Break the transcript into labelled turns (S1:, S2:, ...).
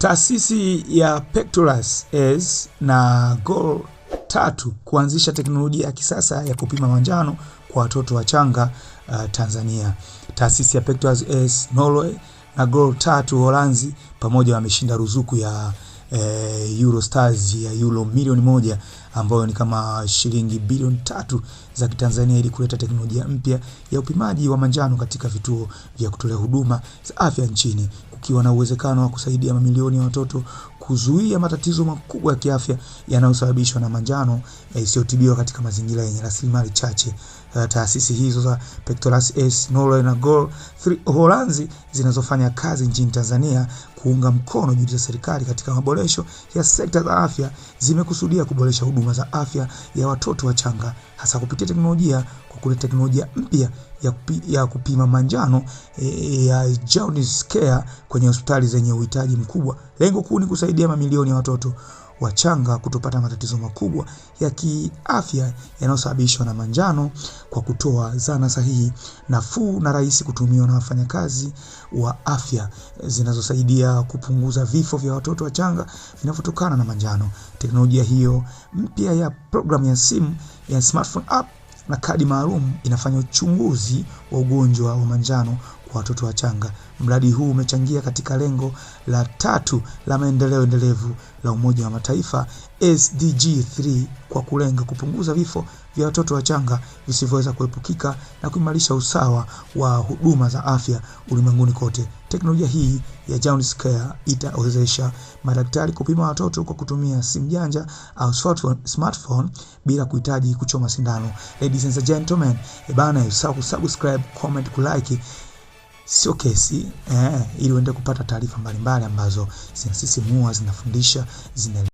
S1: Taasisi ya Pectoras S na Goal tatu kuanzisha teknolojia ya kisasa ya kupima manjano kwa watoto wachanga uh, Tanzania. Taasisi ya Pectoras S Norway na Goal tatu Holanzi pamoja wameshinda ruzuku ya eh, Euro Stars ya euro milioni moja ambayo ni kama shilingi bilioni tatu za Kitanzania ili kuleta teknolojia mpya ya upimaji wa manjano katika vituo vya kutolea huduma za afya nchini kukiwa na uwezekano wa kusaidia mamilioni ya watoto kuzuia matatizo makubwa ya kiafya yanayosababishwa na manjano isiyotibiwa katika mazingira yenye rasilimali chache. Uh, taasisi hizo za Pectoras S Norway na Gol Holanzi zinazofanya kazi nchini Tanzania kuunga mkono juhudi za serikali katika maboresho maboresho ya sekta za afya zimekusudia kuboresha huduma za afya ya watoto wachanga hasa kupitia teknolojia kwa kuleta teknolojia mpya ya, kupi, ya kupima manjano e, ya Jaundice Care kwenye hospitali zenye uhitaji mkubwa. Lengo kuu ni kusaidia mamilioni ya watoto wachanga kutopata matatizo makubwa ya kiafya yanayosababishwa na manjano kwa kutoa zana sahihi, nafuu na rahisi kutumiwa na wafanyakazi wa afya zinazosaidia kupunguza vifo vya watoto wachanga vinavyotokana na manjano. Teknolojia hiyo mpya ya programu ya simu ya smartphone app na kadi maalum inafanya uchunguzi wa ugonjwa wa manjano kwa watoto wachanga. Mradi huu umechangia katika lengo la tatu la maendeleo endelevu la Umoja wa Mataifa SDG 3 kwa kulenga kupunguza vifo vya watoto wachanga visivyoweza kuepukika na kuimarisha usawa wa huduma za afya ulimwenguni kote. Teknolojia hii ya Jaundice Care itawezesha madaktari kupima watoto kwa kutumia simu janja au smartphone bila kuhitaji kuchoma sindano. Ladies and gentlemen, ebana, usahau kusubscribe, comment, kulike sio kesi eh, ili uende kupata taarifa mbalimbali ambazo zinasisimua, zinafundisha, zina